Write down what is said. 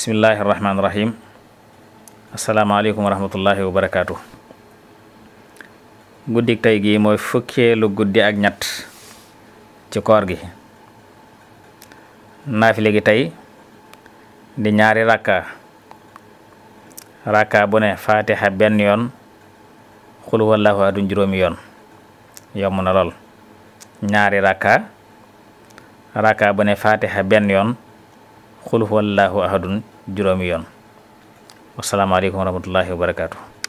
bismillahi rahmaani rahim asalaamaaleykum wa rahmatullahi wa guddik tey gi mooy fukkeelu guddi ak ñett ci koor gi naafile gi tey di ñaari rakka rakka bu ne fatiha benn yoon xul wallahu adun juróomi yoon yomb na lool ñaari rakka rakka bu ne fatiha benn yoon xul huwallaahu ahadun juróomi yoon wasalaamaaleykum wa rahmatullahi wa barakaatu.